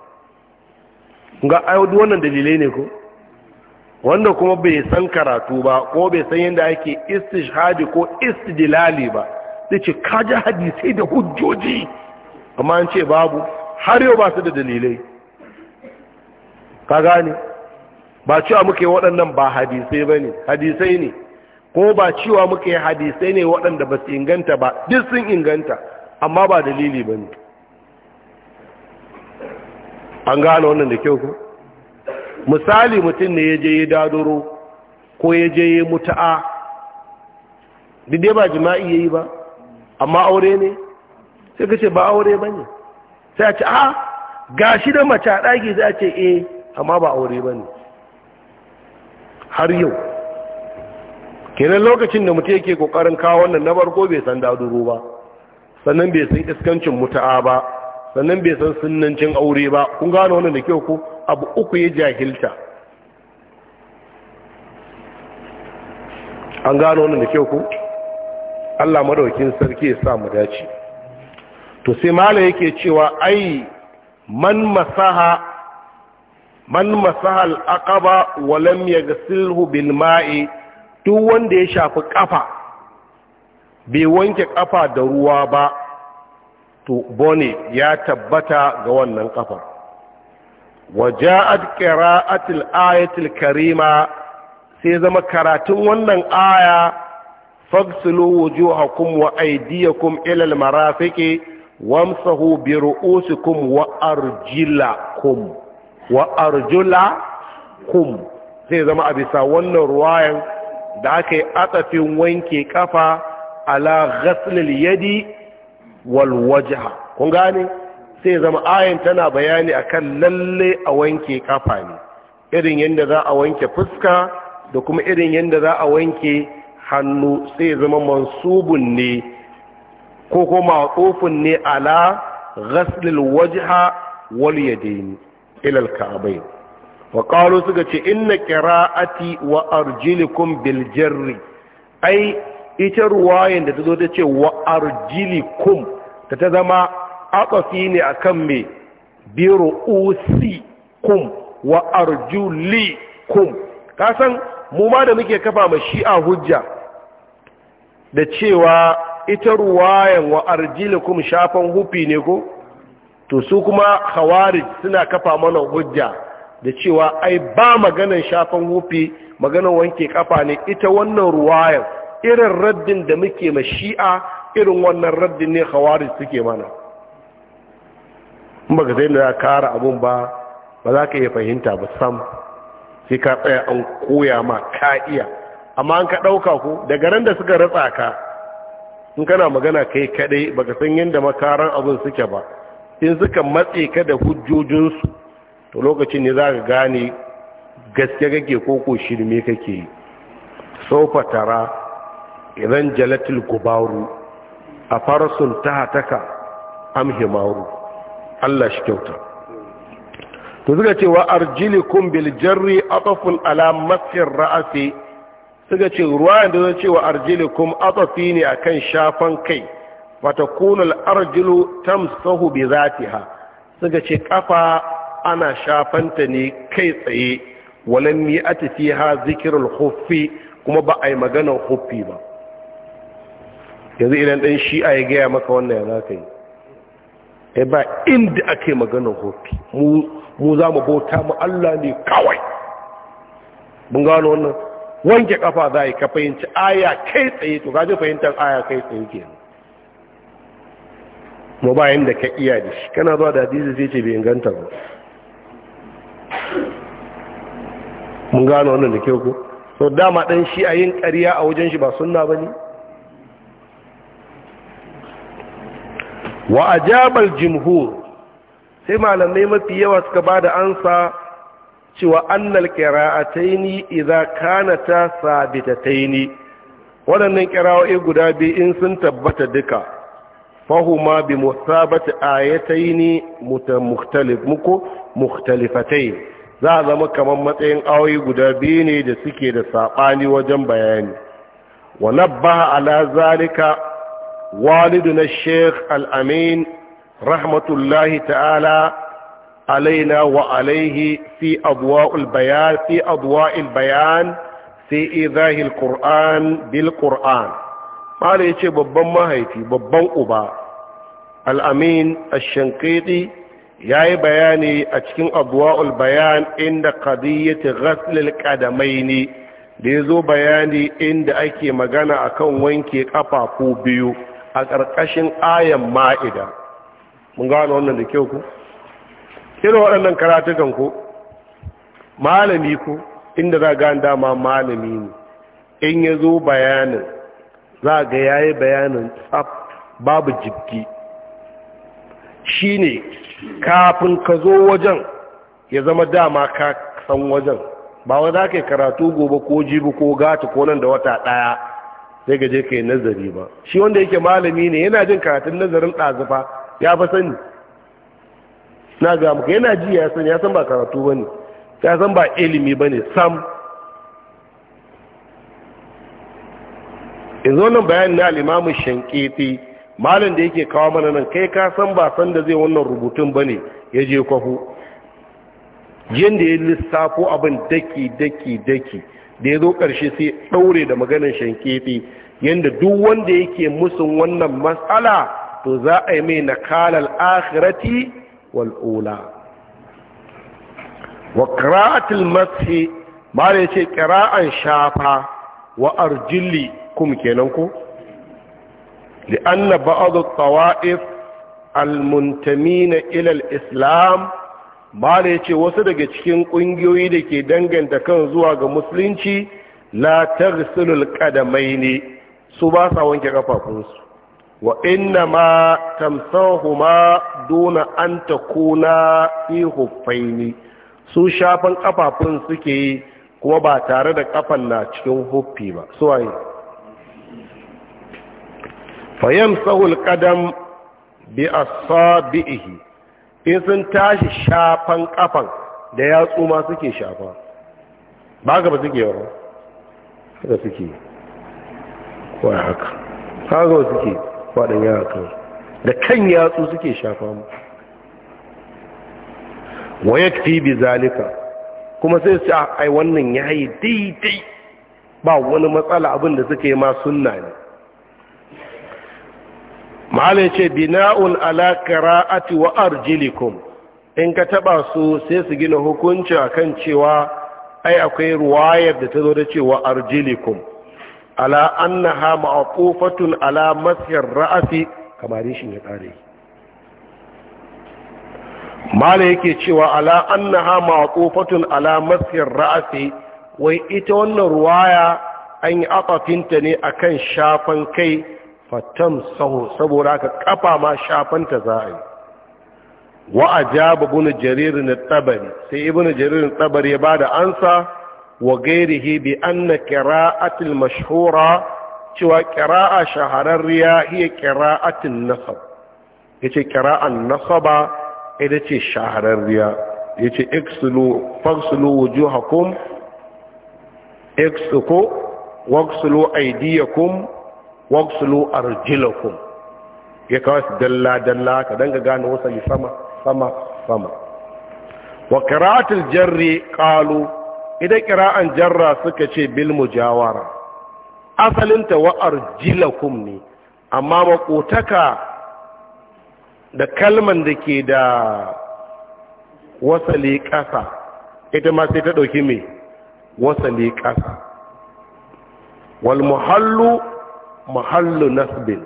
ga ai wannan dalilai ne ko wanda kuma bai san karatu ba ko bai san yadda ake istishhadi ko istidlali ba zai ce kaji hadisai da hujjoji amma an ce babu har yau ba su da dalilai ka gane ba cewa muke waɗannan ba hadisai ba ne hadisai ne ko ba cewa muke hadisai ne waɗanda ba su inganta ba duk sun inganta amma ba dalili ba ne an gane wannan da kyau ko misali mutum ne ya je ya dadoro ko ya je ya mutu'a dai ba jima'i ya yi ba amma aure ne sai ka ce ba aure ba ne sai a ce a gashi da mace a ɗaki za a ce e amma ba aure ba ne har yau kenan lokacin da mutum yake kokarin kawo wannan na farko bai san dadoro ba sannan bai san iskancin mutu'a ba sannan bai san sunnancin aure ba kun gano wannan da kyau ko abu uku ya jahilta an gano wani da kyau ku Allah madaukin sarki ya sa dace to sai mala yake cewa ai man masaha man masaha al-aqaba wa lam yaghsilhu bil ma'i duk wanda ya shafi ƙafa bai wanke ƙafa da ruwa ba to bone ya tabbata ga wannan kafar waja'at qira'atil ayatil karima sai zama karatun wannan aya fagsilu wujuhakum wa aydiyakum ila almarafiqi wamsahu bi ru'usikum wa arjilakum wa sai zama a bisa wannan ruwayan da akai atafin wanke kafa ala ghasl alyadi walwajha kun gane sai zama ayin tana bayani akan lalle a wanke kafa ne irin yadda za a wanke fuska da kuma irin yadda za a wanke hannu sai zama mansubun ne ko kuma tsofin ne ala ghaslil wajha wal yadayn ila al ka'bayn wa qalu suka ce inna qira'ati wa arjilikum bil jarri ai ita ruwayan da tazo ta ce wa arjilikum ta ta zama abafi ne a kan me biro usi kum wa arjuli kum kasan mu ma da muke kafa ma shi'a hujja da cewa ita ruwayan wa kum shafan hufi ne ko to su kuma khawarij suna kafa mana hujja da cewa ai ba maganan shafan hufi maganan wanke kafa ne ita wannan ruwayan irin raddin da muke ma shi'a irin wannan raddin ne khawarij suke mana ba baka zai da kara abun ba ba za ka iya fahimta ba sam sai ka tsaya an koya ma ka iya amma an ka ɗauka ku daga ran da suka ratsa ka in kana magana kai kadai baka san yadda makaran abun suke ba in suka matse ka da hujjojinsu to lokacin ne za ka gane gaske kake ko ko shirme kake yi sofa tara idan jalatul gubaru a farasun tahataka am himaru Allah shi kyauta to suka ce wa arjilikum bil jarri atafun ala masir ra'asi suka ce ruwa yadda zai ce wa arjilikum atafi ne akan shafan kai wata kunal arjilu tamsahu bi zatiha suka ce kafa ana shafanta ne kai tsaye walam yi atifi ha zikirul hufi kuma ba a yi maganar hufi ba yanzu idan ɗan a yi gaya maka wannan ya za ka yi kai eh, ba inda ake maganar hoti mu za mu bauta mu Allah ne kawai mun gano wannan wanke kafa za ka fahimci aya kai tsaye to kaji fahimtar aya kai tsaye ke mu ba da ka iya da shi kana zuwa da hadisi sai ce bai inganta ba mun gano wannan da kyau ko so dama dan shi a yin ƙarya a wajen shi ba sunna ba ne? wa ajabal jumhur sai malamai mafi yawa suka ba da ansa cewa annal qira'ataini idza kanata sabitataini waɗannan qira'o'i guda biyu in sun tabbata duka fahuma bi musabati ayataini mutamukhtalif muku mukhtalifatain za a zama kamar matsayin ayoyi guda biyu ne da suke da sabani wajen bayani wa nabbaha ala zalika والدنا الشيخ الأمين رحمة الله تعالى علينا وعليه في أضواء البيان في أضواء البيان في إيضاح القرآن بالقرآن ما ليش ببن ما هيتي ببن أبا الأمين الشنقيطي ياي بياني أتكين أضواء البيان عند قضية غسل القدمين da ya zo bayani inda ake magana akan wanke ƙafafu biyu a ƙarƙashin ayan ma'ida mun gano wannan da kyau ku Kira waɗannan karatukan ku malami ku inda za ga dama malami ne in ya zo bayanin za ga ya yi bayanin tsaf babu jibgi shi ne kafin ka zo wajen ya zama dama ka san wajen ba wa za ka yi karatu gobe ko jibi ko gata ko nan da wata ɗaya sai gaje ka yi nazari ba shi wanda yake malami ne yana jin karatun nazarin ɗazufa ya fa sani na ga muka yana ji ya sani ya san ba karatu ba ne ya san ba ilimi ba ne sam zo nan bayan na alimamu shankete malin da yake kawo mana nan kai ka san ba san da zai wannan rubutun ba ne ya je kwahu yadda ya lissafo abin daki daki daki da ya zo ƙarshe sai ɗaure da maganar shankefe yadda duk wanda yake musun wannan matsala to za a yi mai nakalal akhirati wal ula wa ma da ya yace ƙara'an shafa wa arjili kum kenan ko li anna ba'd at al-muntamina ila islam da ya ce wasu daga cikin ƙungiyoyi da ke danganta kan zuwa ga musulunci la tarsilul kadamai ne su ba sa wanke kafafunsu wa inna ma tamsahuma duna an takuna fi huffaini su shafan kafafun suke yi kuma ba tare da kafan na cikin hufi ba su waye fayamsahul qadam bi asabihi in sun tashi shafan kafan da yatsu ma suke shafa ba gaba suke yawa haka suke kawai haka haka suke waɗin ya haka da kan yatsu suke shafa mu waya fi bi zalika kuma sai su ai wannan yayi daidai ba wani matsala abin da suke ma sunna ne ma'ala ce bina'un ala qira'ati wa arjilikum in ka taba su sai su gina hukunci akan cewa ai akwai ruwayar da ta zo da cewa arjilikum ala annaha ma'qufatun ala masir ra'si kamar shi ne kare mala yake cewa ala annaha ma'qufatun ala masir ra'si wai ita wannan ruwaya an yi afafinta ne akan shafan kai fatam saho saboda haka kafa ma shafanta za a yi wa ajaba ibn jarir sai ibn jarir na tabari ya bada ansa wa gairihi bi anna qira'atul mashhura cewa qira'a shahararriya iya kira qira'atun nasab yace qira'an nasaba ita ce shahararriya yace iksulu fagsulu wujuhakum iksuku wagsulu aydiyakum waksulu arjilakum ya kawo su dalla dalla ka danga gane wasa yi sama sama sama wa kiratun jarri ƙalu idan kira'an jarra suka ce bil mujawara asalinta wa arjilakum ne amma makotaka da kalman da ke da wasali ƙasa ita ma sai ta ɗauki mai wasali ƙasa wal muhallu mahallu nasbin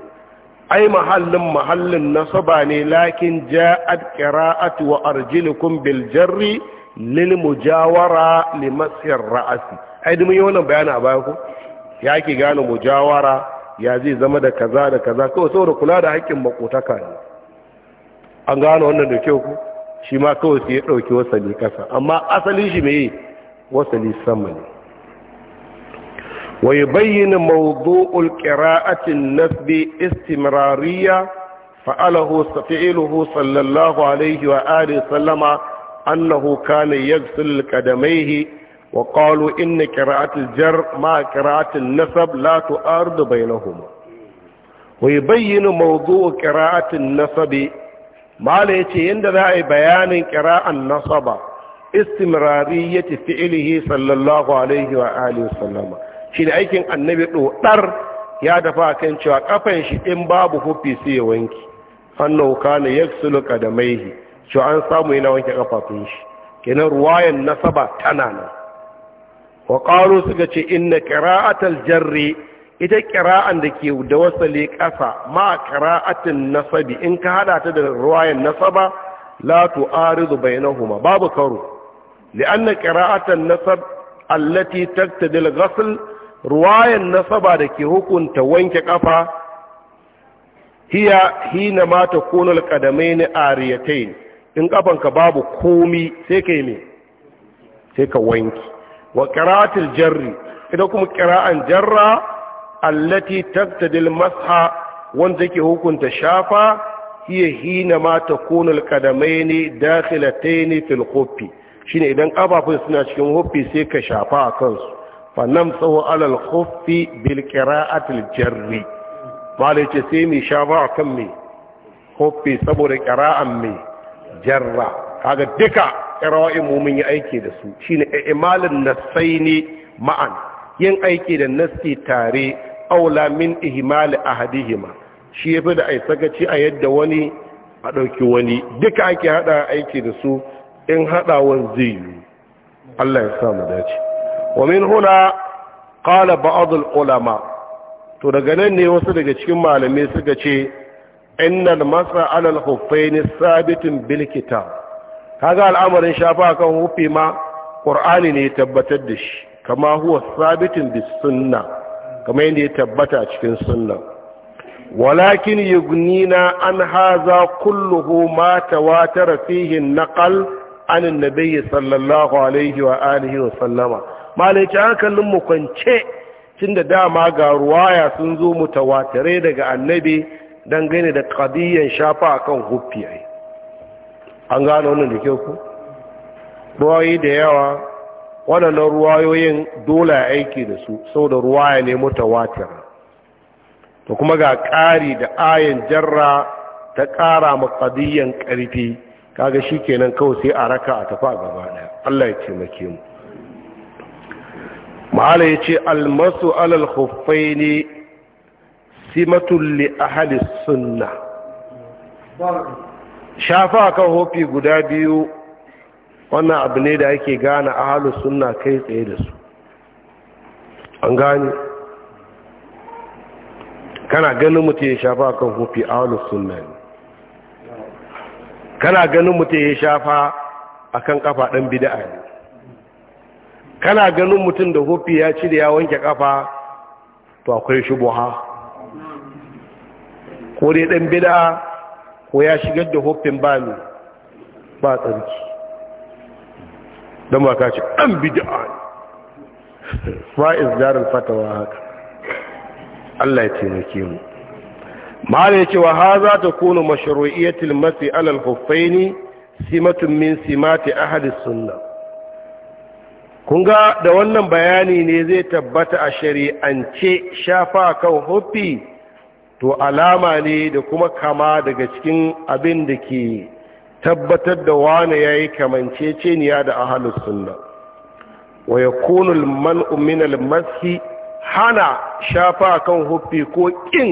ai mahallin mahallin nasaba ne lakin ja'at qira'atu wa arjilukum bil jarri lil mujawara li masir ra'si ai dun wannan bayani a baya ku ya ke gane mujawara ya zai zama da kaza da kaza kawai saboda kula da hakkin makotaka ne an gane wannan da kyau ku shi ma kawai sai ya ɗauki wasali kasa amma asalin shi meye wasali sama ne ويبين موضوع القراءة النسب استمرارية فعله فعله صلى الله عليه وآله وسلم أنه كان يغسل قدميه وقالوا إن قراءة الجر مع قراءة النسب لا تؤرد بينهما ويبين موضوع قراءة النسب ما ليتي عند ذا بيان قراءة النصب استمرارية فعله صلى الله عليه وآله وسلم shi da aikin annabi ɗoɗar ya dafa kan cewa ƙafan shi in babu hufi sai ya wanki annahu kana yaksulu qadamaihi cewa an samu yana wanke kafafun shi kenan ruwayan nasaba tana nan wa suka ce inna qira'atal jarri ita qira'an da ke da wasali ƙasa ma qira'atin nasabi in ka haɗa ta da ruwayan nasaba la tu'aridu bainahuma babu karo li'anna qira'atan nasab allati taqtadi ghasl ruwayan nasaba da ke hukunta wanke kafa hiya hina ma ta kunul qadamaini ariyatain in kafanka babu komi sai yi me sai ka wanki wa qira'atul jarri idan kuma qira'an jarra allati taqtadil masha wanda ke hukunta shafa hiya hina ma ta kunul qadamaini dakhilataini fil khuffi shine idan kafafun suna cikin huffi sai ka shafa a kansu fa namsahu ala al-khuffi bil jarri malai ce sai mai shafa kan mai kofi saboda kira'an mai jarra kaga duka qira'o'in mu yi aiki da su shine imalin ne ma'an yin aiki da nasi tare aula min a ahadihima shi yafi da aisakaci a yadda wani a ɗauki wani duka ake haɗa aiki da su in haɗawan zai yi Allah ya samu dace ومن هنا قال بعض العلماء ulama to daga nan ne wasu daga cikin malamai suka ce innal masa ala al-khuffain sabitun bil kitab kaga al'amarin shafa kan huffi ma qur'ani ne tabbatar da shi kama huwa sabitun bis sunna kama yadda ya tabbata cikin sunna walakin yugnina an haza kulluhu ma tawatara fihi naqal an nabiy sallallahu alaihi wa alihi wa sallama malai hankalin mu kwance da dama ga ruwaya sun zo mutawatire daga annabi dangane da qadiyan shafa akan huffi an gano wannan da kyau ku ruwayi da yawa waɗannan ruwayoyin dole a aiki da su sau da ruwaya ne mutawatir to kuma ga ƙari da ayin jarra ta ƙara ma maƙadiyyan ƙarfi kaga shi kenan kawai sai a raka a tafi a gaba ɗaya allah ya taimake mu ma'ala ya ce almasu alal huffai ne simatun li ahalis sunna shafa kan hofi guda biyu wannan abu ne da ake gane ahalus sunna kai tsaye da su an gane kana ganin mutu ya shafa kan hofi ahalus sunna ne kana ganin mutu ya shafa akan kafa ɗan bida'a ne kana ganin mutum da hufi ya ci da ya wanke kafa to akwai shubuha ko dai dan bid'a ko ya shigar da hufin ba ne ba tsarki don ba ka ce dan bid'a fa'iz darul fatawa haka Allah ya taimake mu ya yace wa haza takunu mashru'iyatul masi alal huffaini simatun min simati ahli sunnah kun ga da wannan bayani ne zai tabbata a shari'ance shafa kan hufi to alama ne da kuma kama daga cikin abin da ke tabbatar da wane ya yi kamanceceniya da ahalus sunna wa ya kunul man'uminal masi hana shafa kan hufi ko ƙin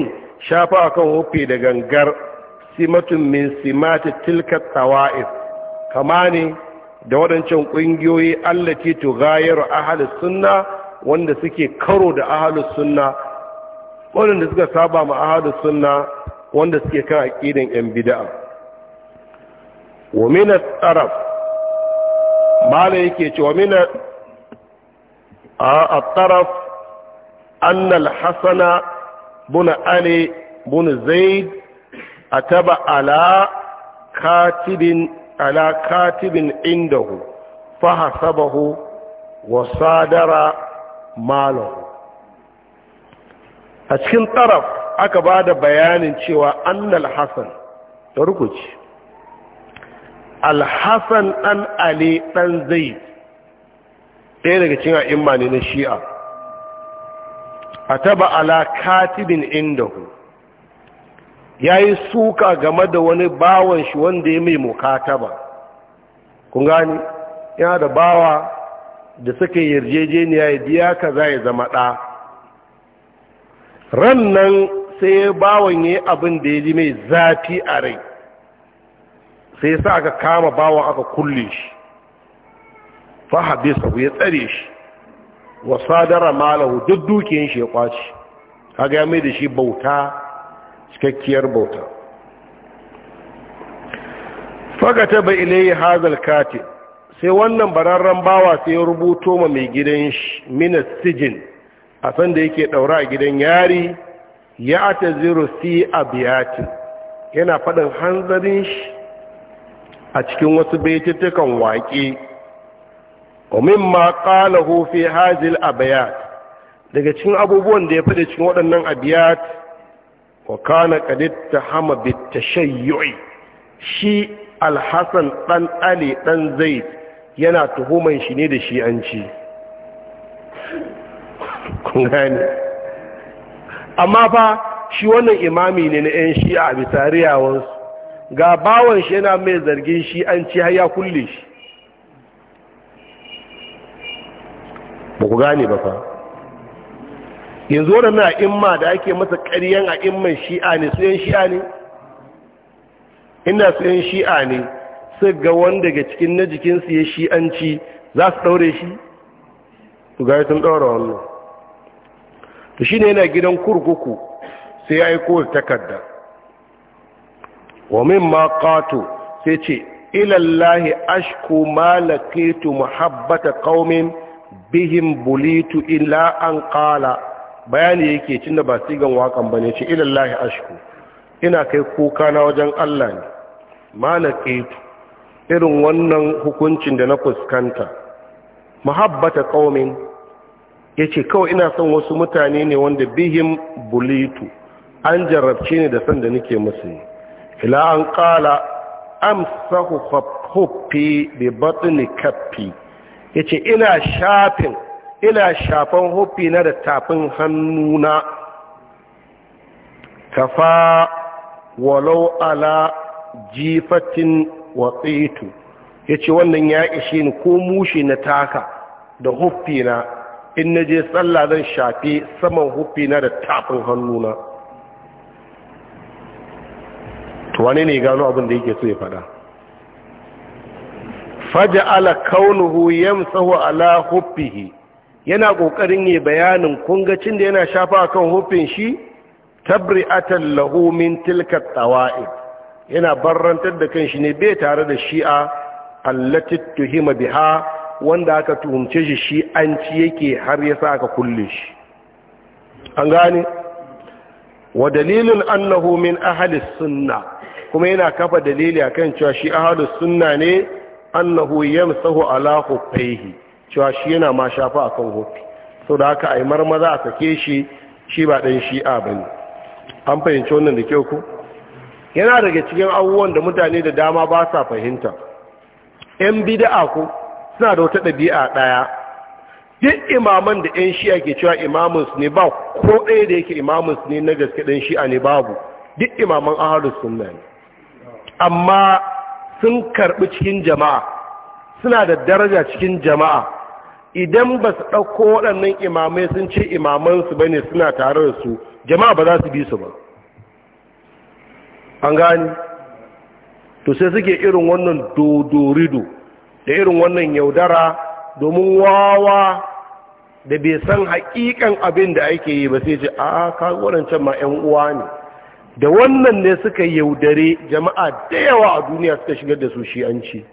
shafa kan hufi da gangar simatun min simatun tilkat tawa'if kama ne da waɗancan ƙungiyoyi to gayar ahlus sunna wanda suke karo da ahlus sunna waɗanda suka saba ma ahlus sunna wanda suke kan aqidan ƴan bid'a wa min at-taraf mala yake cewa min at-taraf an al-hasana bin ali bin zaid ataba ala katibin ala katibin indahu fahasabahu wa sadara malahu a cikin taraf aka ba da bayanin cewa annal hassan da rukuci alhassan ɗan ali ɗan zai ɗaya daga cin a'imma na shi'a a taba ala katibin indahu ya yi suka game da wani bawan shi wanda ya mai mukataba kun gani yana da bawa da suka yarjejeniya ya biya ka za ya zama ɗa ran nan sai ya bawan ya yi abin da ya ji mai zafi a rai sai ya sa aka kama bawan aka kulle shi sabu ya tsare shi wa sadara malahu duk dukiyin shi ya kwaci kaga ya mai da shi bauta cikakkiyar bauta ta bai ilayi hazal katin sai wannan bararren bawa sai ya rubuto ma mai gidan minas sijin a sanda yake daura a gidan yari ya ta zero si a biyatin yana faɗin hanzarin shi a cikin wasu baitittukan waƙe omin ma ƙalahu fi hazil a bayat daga cikin abubuwan da ya faɗi cikin waɗannan biyat. wa kana hama bitashayyu'i shi Alhassan, dan ali dan zaid yana tuhuman shi ne da shi an ci kun gane amma fa shi wannan imami ne na yan shi'a bisa riyawansu ga bawan shi yana mai zargin shi an ci har ya kulle shi ba ku gane ba fa yanzu waɗannan a imma da ake masa ƙaryen a imman shi'a ne su yan shi'a ne ina su yan shi'a ne su ga wanda daga cikin na jikinsu ya shi'anci za su ɗaure shi su gari sun ɗaura wannan to shi ne yana gidan kurkuku sai ya aiko da takarda wa min ma ƙato sai ce ilallahi ashku malakitu muhabbata ƙaumin bihin bulitu ila an ƙala. bayani yake cin da ba sigan waƙan ba ne ce ilallahi ashku ina kai kuka na wajen Allah ne ƙetu irin wannan hukuncin da na fuskanta muhabbata ya ce kawai ina son wasu mutane ne wanda bihim bulitu an jarrabce ni da sanda da nake musu ila an qala amsahu khaffi bi batni kaffi ce ina shafin Ila shafan hufi na da tafin hannuna kafa walau ala jifatin watsitu ya ce wannan ya ishe ni ko mushi na taka da hufi na in na je tsalla zan shafi saman hufi na da tafin hannuna wani ne gano abin da yake so ya fada faja ala kaunuhu yamsahu ala hufihi yana ƙoƙarin yi bayanin kungacin da yana shafa kan hufin shi a lahu min tilka tawa'id yana barrantar da kanshi ne bai tare da shi'a allatit tuhima biha wanda aka tuhumce shi shi an ci yake har ya sa aka kulle shi an gane wa dalilin annahu min ahli sunna kuma yana kafa dalili akan cewa shi ahli sunna ne annahu yamsahu ala khuffaihi cewa shi yana ma shafa a kan hofi sau da haka a yi marmaza a sake shi shi ba ɗan shi'a ba ne an fahimci wannan da kyau ku yana daga cikin abubuwan da mutane da dama ba sa fahimta yan bida'a ku suna da wata ɗabi'a ɗaya duk imaman da yan shi'a ke cewa su ne ba ko ɗaya da yake su ne na gaske ɗan shi'a ne babu duk imaman ahalus sunna ne amma sun karɓi cikin jama'a suna da daraja cikin jama'a idan ba su ɗauko waɗannan imamai sun ce imamansu ba ne suna tare da su jama'a ba za su bi su ba an gani to sai suke irin wannan dodorido da irin wannan yaudara domin wawa da bai san haƙiƙan abin da ake yi ba sai ce a ka waɗancan ma 'yan uwa ne da wannan ne suka yaudare jama'a da yawa a duniya suka shigar da su shi'anci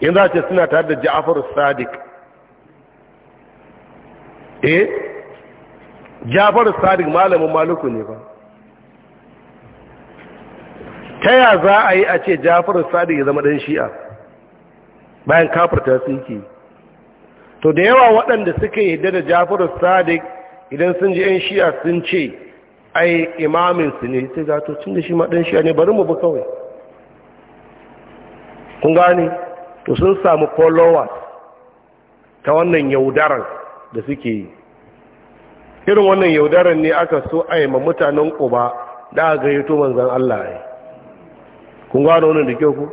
yanzu a ce suna tare da ja'afar sadiq eh Jafaru sadiq malamin maluku ne ba ta ya za a yi a ce Jafaru sadiq ya zama ɗan shi'a bayan kafirta su yake to da yawa waɗanda suka yi da jafar sadiq idan sun ji 'yan shi'a sun ce ai imaminsu ne sai za to cin da shi maɗan shi'a ne bari mu ba kawai kun gane to sun samu followers ta wannan yaudarar da suke yi irin wannan yaudarar ne aka so a yi ma mutanen uba da aka gayyato manzan Allah ya kun gano wani da kyau ku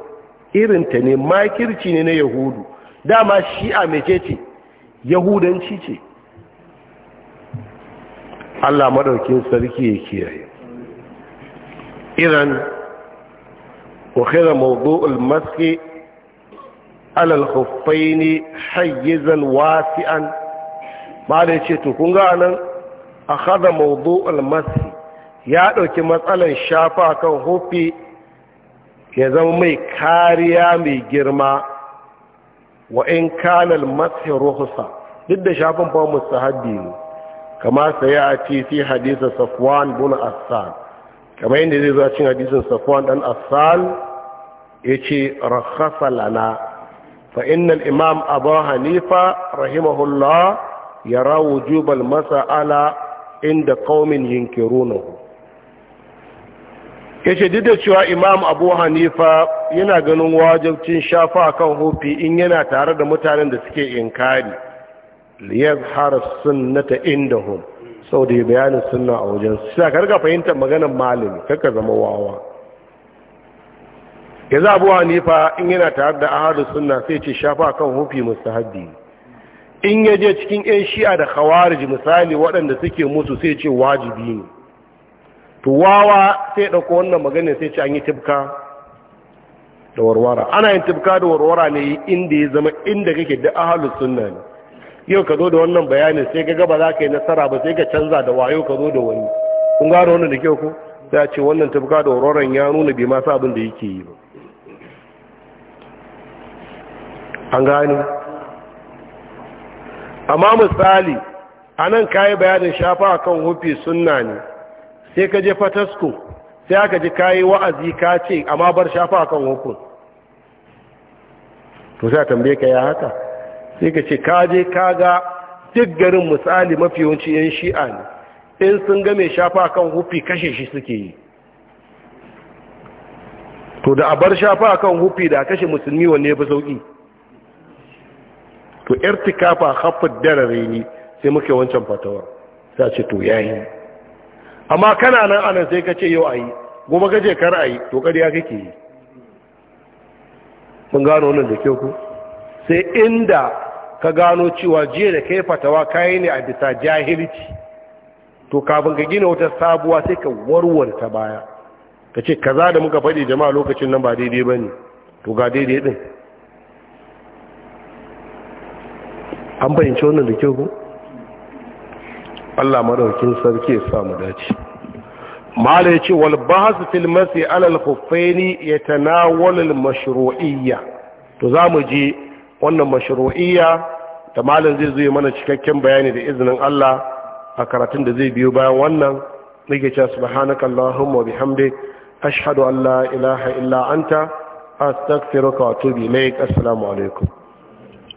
irinta ne makirci ne na yahudu dama shi'a mece ce yahudanci ce Allah madaukin sarki ya kiyaye idan ukhira mawdu'ul maski alal khuffaini hayyizan wasi'an mala ce to kun ga nan a haɗa mawdu'ul masi ya ɗauki matsalan shafa kan hufi ya zama mai kariya mai girma wa in kanal masi ruhusa duk da shafin fa mustahabbi ne Kamar sai ya ce fi hadisa safwan bin asal kamar yadda zai zo cin hadisin safwan dan ya yace rakhasa lana fa innal imam abu hanifa rahimahullah yara wujubal Ala inda qaumin yunkirunahu yace duk da cewa imam abu hanifa yana ganin wajibcin shafa kan hufi in yana tare da mutanen da suke inkari liyazhar sunnata indahum saboda ya bayanin sunna a wajen sai ka riga fahimtar maganar malami kakka zama wawa yanzu abu hanifa in yana tare da ahadu sunna sai ce shafa kan hufi mustahabbi in ya je cikin 'yan shi'a da khawarij misali waɗanda suke musu sai ce wajibi ne to wawa sai ɗauko wannan maganin sai ce an yi tibka da warwara ana yin tibka da warwara ne inda ya zama inda kake da ahalus sunna ne yau ka zo da wannan bayanin sai ka gaba za ka yi nasara ba sai ka canza da wayo ka zo da wani kun gano wannan da kyau ko sai ce wannan tibka da warwaran ya nuna bai ma abin da yake yi ba an gane amma misali a nan ka yi bayanin shafa kan hufi sunna ne sai ka je fatasko sai aka ji kayi wa'azi ka ce amma bar shafa kan hukun to sai tambaye ka yi haka sai ka ce ka je ka ga duk garin misali mafi yawanci yan shi'a ne in sun ga mai shafa kan hufi kashe shi suke yi to da a bar shafa kan hufi da kashe musulmi wanne ya fi sauki to irtikafa haffat darare ne sai muke wancan fatawar sai ce to yayi amma kana nan anan sai ka ce yau ayi gobe ka ce kar ayi to kariya kake yi mun gano wannan da kyau ku sai inda ka gano cewa jiya da kai fatawa kai ne a bisa jahilci to kafin ka gina wata sabuwa sai ka warware ta baya ka ce kaza da muka faɗi jama'a lokacin nan ba daidai ba ne to ga daidai ɗin an fahimci wannan da kyau Allah madaukin sarki ya samu dace mala yace wal basu fil masi ala al khuffaini yatanawal al mashru'iyya to zamu je wannan mashru'iyya da malam zai zo mana cikakken bayani da izinin Allah a karatun da zai biyo bayan wannan nake cewa subhanaka allahumma bihamdik ashhadu an la ilaha illa anta astaghfiruka wa atubu ilaik assalamu alaikum